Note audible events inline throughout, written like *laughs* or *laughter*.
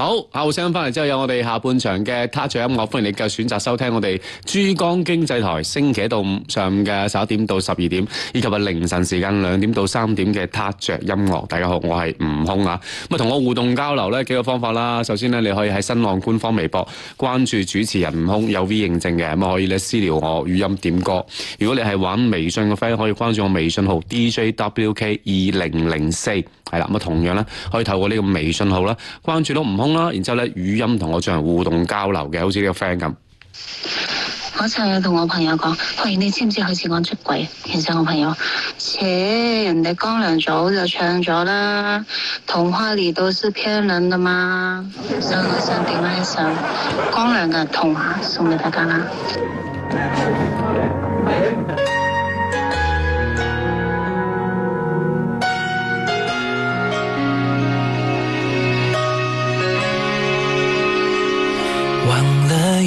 好，後聲翻嚟之後有我哋下半場嘅 touch 音樂，歡迎你繼續選擇收聽我哋珠江經濟台星期一到五上午嘅十一點到十二點，以及啊凌晨時間兩點到三點嘅 touch 音樂。大家好，我係悟空啊，咁啊同我互動交流呢幾個方法啦。首先呢，你可以喺新浪官方微博關注主持人悟空有 V 認證嘅咁可以咧私聊我語音點歌。如果你係玩微信嘅 friend 可以關注我微信號 D J W K 二零零四。係啦，咁同樣咧可以透過呢個微信號啦，關注到悟空啦，然之後咧語音同我進行互動交流嘅，好似呢個 friend 咁。我曾經同我朋友講：喂，你知唔知佢似講出軌？其實我朋友：切，人哋光良早就唱咗啦，《童話裏都是騙人的嘛》？想唔想點一首光良嘅《童話》送俾大家啦？ *laughs*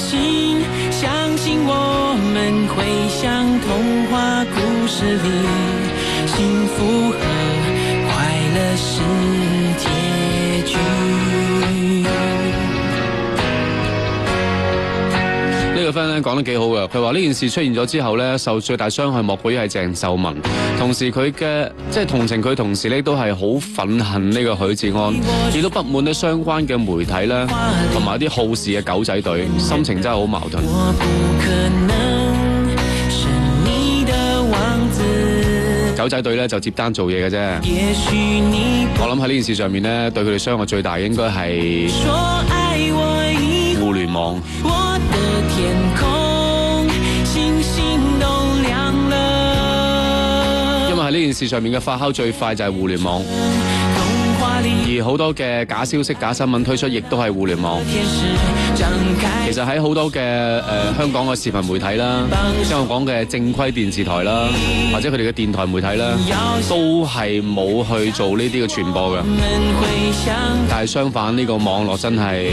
心相信，我們會像童話故事裏，幸福和。咧講得幾好噶，佢話呢件事出現咗之後呢受最大傷害莫過於係鄭秀文，同時佢嘅即係同情佢同事呢都係好憤恨呢個許志安，亦都不滿呢相關嘅媒體呢，同埋啲好事嘅狗仔隊，心情真係好矛盾。我不可能是你的王子，狗仔隊呢就接單做嘢嘅啫，我諗喺呢件事上面呢，對佢哋傷害最大應該係互聯網。電視上面嘅發酵最快就係互聯網，而好多嘅假消息、假新聞推出，亦都係互聯網。其實喺好多嘅誒香港嘅視頻媒體啦，香港嘅正規電視台啦，或者佢哋嘅電台媒體啦，都係冇去做呢啲嘅傳播嘅。但係相反，呢、這個網絡真係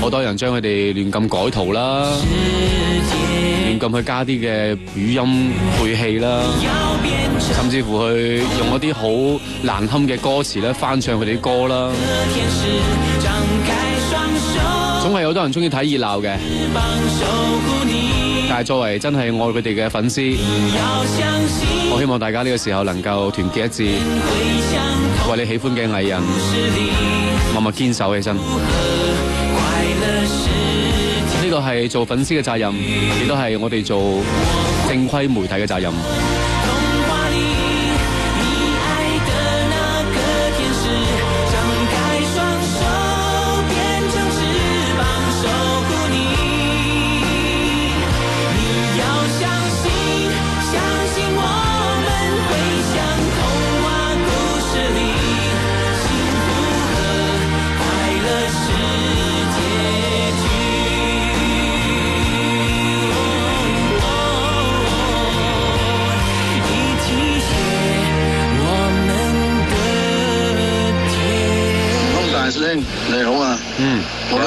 好多人將佢哋亂咁改圖啦，亂咁去加啲嘅語音配戲啦。甚至乎去用一啲好難堪嘅歌詞咧翻唱佢哋歌啦，總係好多人中意睇熱鬧嘅。但係作為真係愛佢哋嘅粉絲，我希望大家呢個時候能夠團結一致，為你喜歡嘅藝人默默堅守起身。呢個係做粉絲嘅責任，亦都係我哋做正規媒體嘅責任。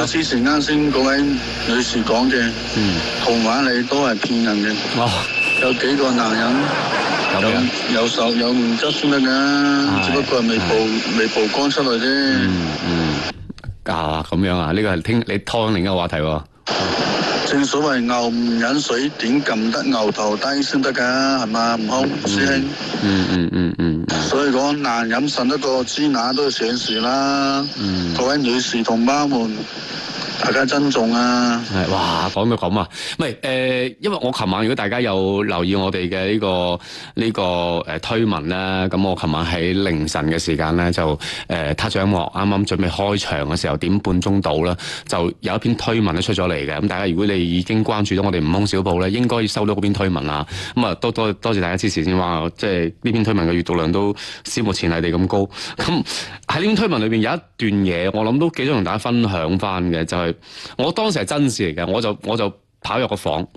之前啱先嗰位女士講嘅，童話裏都係騙人嘅。哦，有幾個男人有有手有五汁先得噶，只不過係未曝未曝光出來啫。嗯嗯，啊咁樣啊，呢個係聽你拖另一個話題喎。正所謂牛唔飲水，點撳得牛頭低先得噶，係嘛？悟空師兄，嗯嗯嗯嗯，所以講男人信得過豬乸都要上樹啦。嗯，各位女士同胞們。大家珍重啊！係哇，講咩講啊，唔係、呃、因為我琴晚如果大家有留意我哋嘅呢個呢、呢個誒、呃、推文啦，咁我琴晚喺凌晨嘅時間咧，就誒踏上幕，啱啱準備開場嘅時候，點半鐘到啦，就有一篇推文咧出咗嚟嘅。咁大家如果你已經關注到我哋悟空小報咧，應該要收到嗰篇推文啦。咁啊，多多多謝大家支持先哇！即係呢篇推文嘅閱讀量都史無前例哋咁高。咁喺呢篇推文裏面有一段嘢，我諗都幾想同大家分享翻嘅，就係我當時係真事嚟嘅，我就我就跑入個房，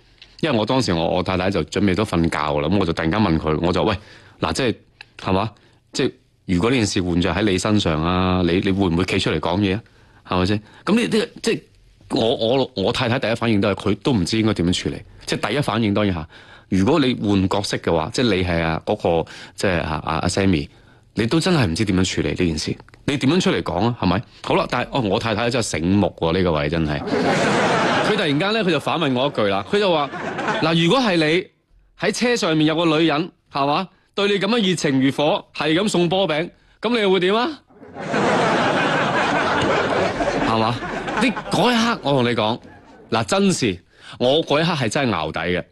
因為我當時我我太太就準備都瞓覺啦，咁我就突然間問佢，我就喂，嗱，即係係嘛，即係如果呢件事換咗喺你身上啊，你你會唔會企出嚟講嘢啊？係咪先？咁呢個即係我我我太太第一反應都係佢都唔知應該點樣處理，即係第一反應當然吓，如果你換角色嘅話，即係你係、那個、啊嗰個即係啊啊 Sammy，你都真係唔知點樣處理呢件事。你點樣出嚟講啊？係咪？好啦，但係哦，我太太真係醒目喎，呢個位真係。佢 *laughs* 突然間咧，佢就反問我一句啦。佢就話：嗱，如果係你喺車上面有個女人，係嘛，對你咁樣熱情如火，係咁送波餅，咁你又會點啊？係嘛？ *laughs* 你嗰一刻我跟，我同你講，嗱，真事，我嗰一刻係真係熬底嘅。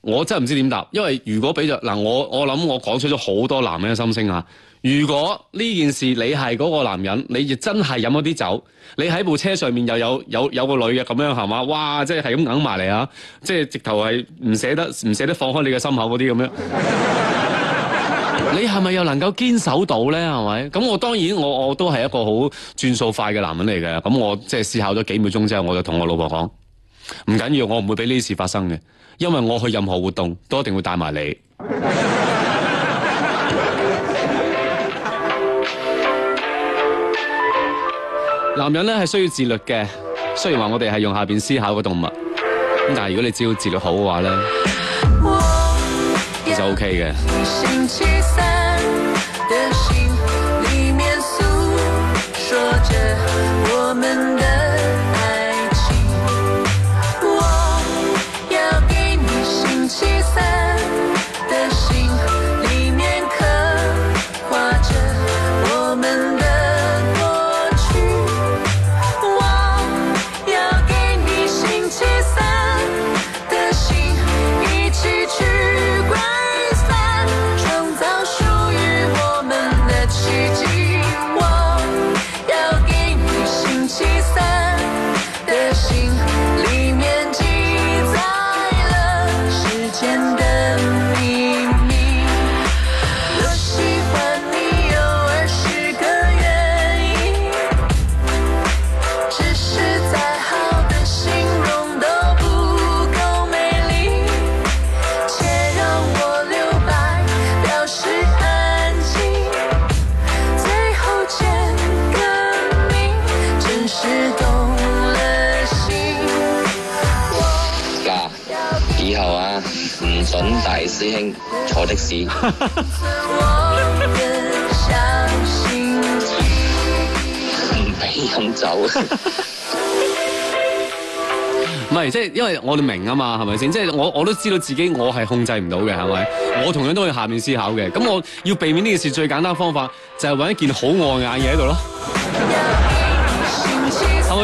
我真係唔知點答，因為如果俾着嗱，我我諗我講出咗好多男人嘅心聲啊！如果呢件事你係嗰個男人，你亦真係飲咗啲酒，你喺部車上面又有有有個女嘅，咁樣係嘛？哇！即係係咁硬埋嚟啊！即係直頭係唔捨得唔捨得放開你嘅心口嗰啲咁樣， *laughs* 你係咪又能夠堅守到咧？係咪？咁我當然我我都係一個好轉數快嘅男人嚟嘅，咁我即係思考咗幾秒鐘之後，我就同我老婆講唔緊要，我唔會俾呢事發生嘅。因為我去任何活動都一定會帶埋你。男人咧係需要自律嘅，雖然話我哋係用下邊思考嘅動物，咁但係如果你只要自律好嘅話咧，你就 OK 嘅。準大師兄坐的士，唔俾 *laughs* *laughs* 飲酒。唔係即係，因為我哋明啊嘛，係咪先？即係我我都知道自己我係控制唔到嘅，係咪？我同樣都喺下面思考嘅，咁我要避免呢件事最簡單嘅方法就係搵一件好礙眼嘢，喺度咯。 *music*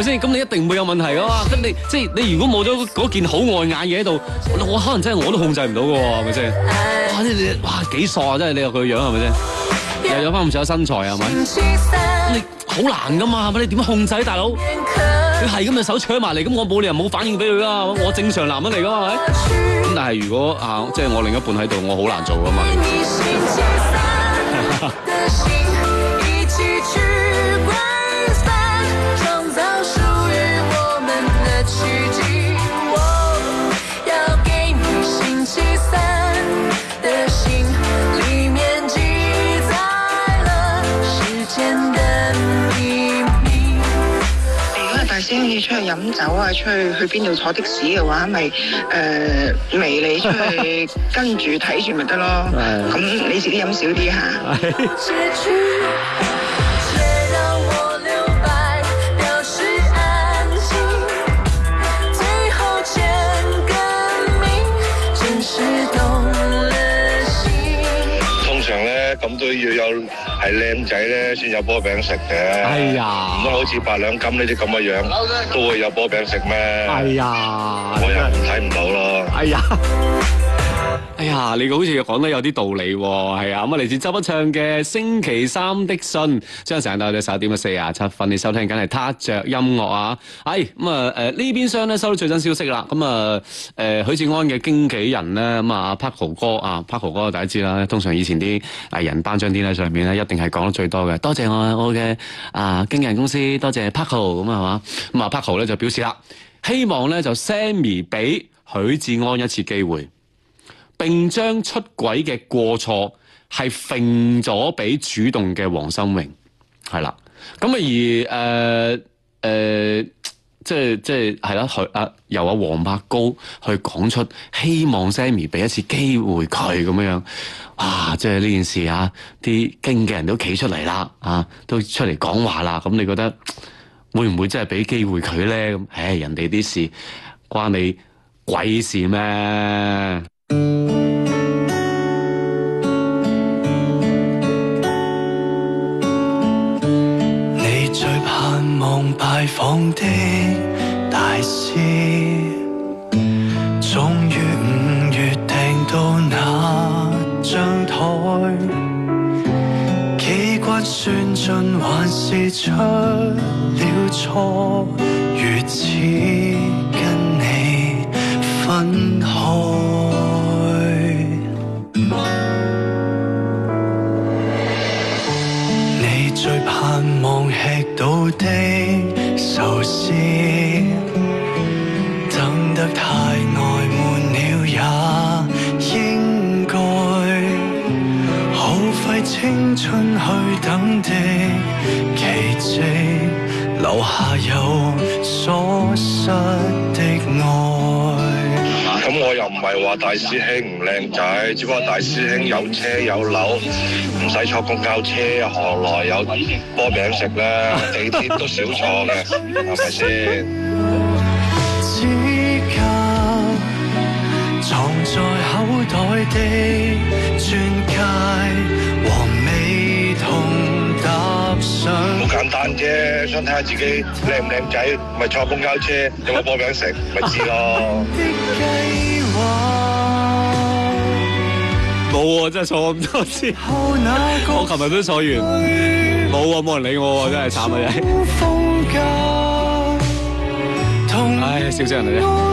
咁你一定會有問題噶嘛，咁你即係你如果冇咗嗰件好礙眼嘅嘢喺度，我可能真係我都控制唔到㗎喎，係咪先？哇！你你哇幾傻啊！真係你話佢個樣係咪先？是是又有翻唔少身材係咪？你好難噶嘛，係咪？你點樣控制大佬？佢係咁嘅手搶埋嚟，咁我冇理由冇反應俾佢㗎。我正常男人嚟噶嘛，係咪？咁但係如果啊，即係我另一半喺度，我好難做噶嘛。 *music* 出去飲酒啊，出去去邊度坐的士嘅話，咪誒微你出去跟著看著，跟住睇住咪得咯。咁你自己飲少啲吓 *laughs* 通常咧咁都要有。係靚仔咧，先有波餅食嘅。哎呀，唔通好似八兩金呢啲咁嘅樣，都會有波餅食咩？哎呀，我又睇唔到咯。哎呀！ *laughs* 哎呀，你嘅好似講得有啲道理喎，係啊，咁啊嚟自周筆暢嘅《星期三的信》，將成日戴住手錶，十點啊四十七分，你收聽緊係他着音樂啊，哎，咁、嗯、啊，誒、呃、呢邊廂咧收到最新消息啦，咁、嗯、啊，誒、呃、許志安嘅經紀人咧，咁、嗯、啊阿 Paco 哥啊 Paco 哥大家知啦，通常以前啲藝人頒獎典禮上面咧，一定係講得最多嘅，多謝我我嘅啊經紀人公司，多謝 Paco 咁、嗯、啊嘛，咁啊 Paco 咧就表示啦，希望咧就 Sammy 俾許志安一次機會。並將出軌嘅過錯係揈咗俾主動嘅黃心穎，係啦。咁啊，而誒誒、呃呃，即係即係係啦，佢啊由阿黃柏高去講出，希望 Sammy 俾一次機會佢咁樣。哇！即係呢件事啊，啲經紀人都企出嚟啦，啊都出嚟講話啦。咁你覺得會唔會真係俾機會佢咧？咁、哎、唉，人哋啲事關你鬼事咩？拜訪的大師，終於五月訂到那張台，機關算盡還是出了錯，如此跟你分開。大師兄唔靚仔，只不過大師兄有車有樓，唔使坐公交車，何來有波餅食咧？地鐵都少坐嘅，係咪先？好簡單啫，想睇下自己靚唔靚仔，咪坐公交車，有冇波餅食，咪知咯。 *laughs* 冇喎，沒有真係坐咁多次， *laughs* 我琴日都坐完，冇喎，冇人理我喎，真係慘啊！唉、 *laughs* 哎，笑死人嚟啊！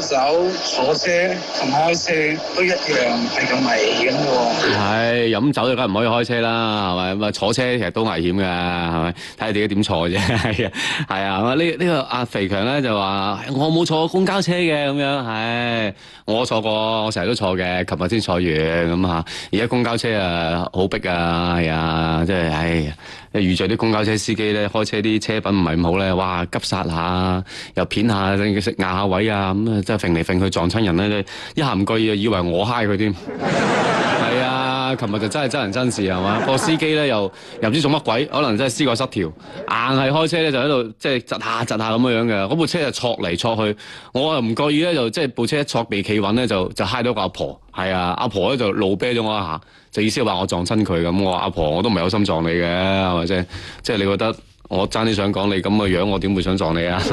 手坐車同開車都一樣係咁危險喎，係飲、哎、酒就梗唔可以開車啦，係咪？咁啊坐車其實都危險嘅，係咪？睇下自己點坐啫，係啊，係啊，咁、這、啊、個、呢呢個阿肥強咧就話我冇坐過公交車嘅，咁樣，係，我坐過，我成日都坐嘅，琴日先坐完咁吓，而家公交車啊好逼啊，係啊，真係唉。哎.遇在啲公交車司機咧，開車啲車品唔係唔好咧，哇急剎下又偏下，食壓下，下位啊，咁啊真係揈嚟揈去撞親人咧，一下唔覺意啊以為我嗨佢添，係啊。琴日就真係真人真事係嘛？ *laughs* 個司機咧又又唔知做乜鬼，可能真係思覺失調，硬係開車咧就喺度即係窒下窒下咁樣嘅。嗰部車就駛嚟駛去，我又唔覺意咧，就即係部車一駛未企穩咧就就揩到個阿婆，婆。係啊，阿婆咧就怒啤咗我一下，就意思話我撞親佢咁。我話阿婆，我都唔係有心撞你嘅，係咪先？即係你覺得我爭啲想講你咁嘅樣，樣，我點會想撞你啊？ *laughs*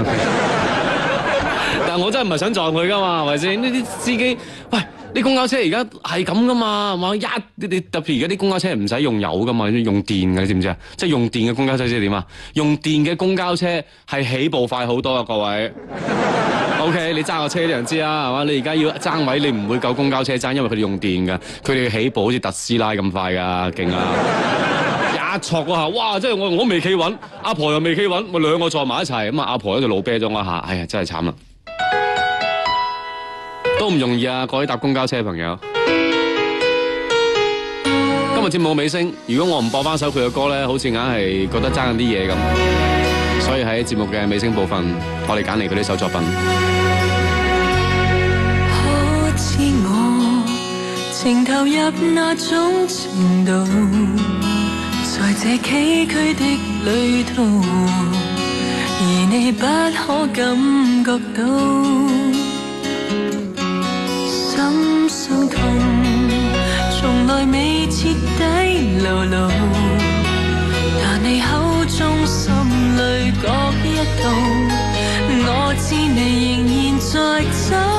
但我真係唔係想撞佢噶嘛，係咪先？呢啲司機喂。啲公交車而家係咁噶嘛，哇！一你你特別而家啲公交車唔使用，用油噶嘛，用電噶，你知唔知啊？即係用電嘅公交車即係點啊？用電嘅公交車係起步快好多啊！各位，OK，你揸個車啲人知啦，係嘛？你而家要爭位，你唔會夠公交車爭，因為佢哋用電噶，佢哋起步好似特斯拉咁快噶，勁啊！ *laughs* 一駛嗰下，哇！即係我我未企穩，阿婆又未企穩，咪兩個坐埋一齊咁啊！阿婆喺度老啤咗一下，哎呀，真係慘啦！好唔容易啊！各位搭公交車嘅朋友，今日節目嘅尾聲，如果我唔播翻首佢嘅歌呢，好似硬係覺得爭緊啲嘢咁，所以喺節目嘅尾聲部分，我哋揀嚟佢呢首作品。可知我情投入那種程度，在這崎嶇的旅途，而你不可感覺到。傷痛從來未徹底流露，但你口中、心裏各一道，我知你仍然在走。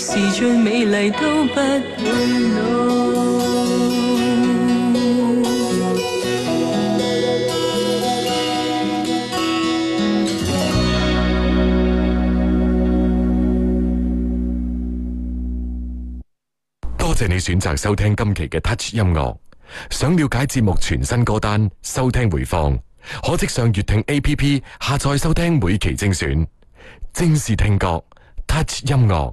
是最美麗都不多謝，謝你選擇收聽今期嘅 Touch 音樂。想了解節目全新歌單、收聽回放，可即上閱聽 A P P 下載收聽每期精選，正是聽覺 Touch 音樂。